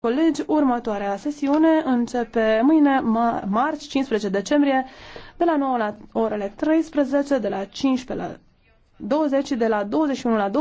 Colegi, următoarea sesiune începe mâine, marți, 15 decembrie, de la 9 la orele 13, de la 15 la 20, de la 21 la 20.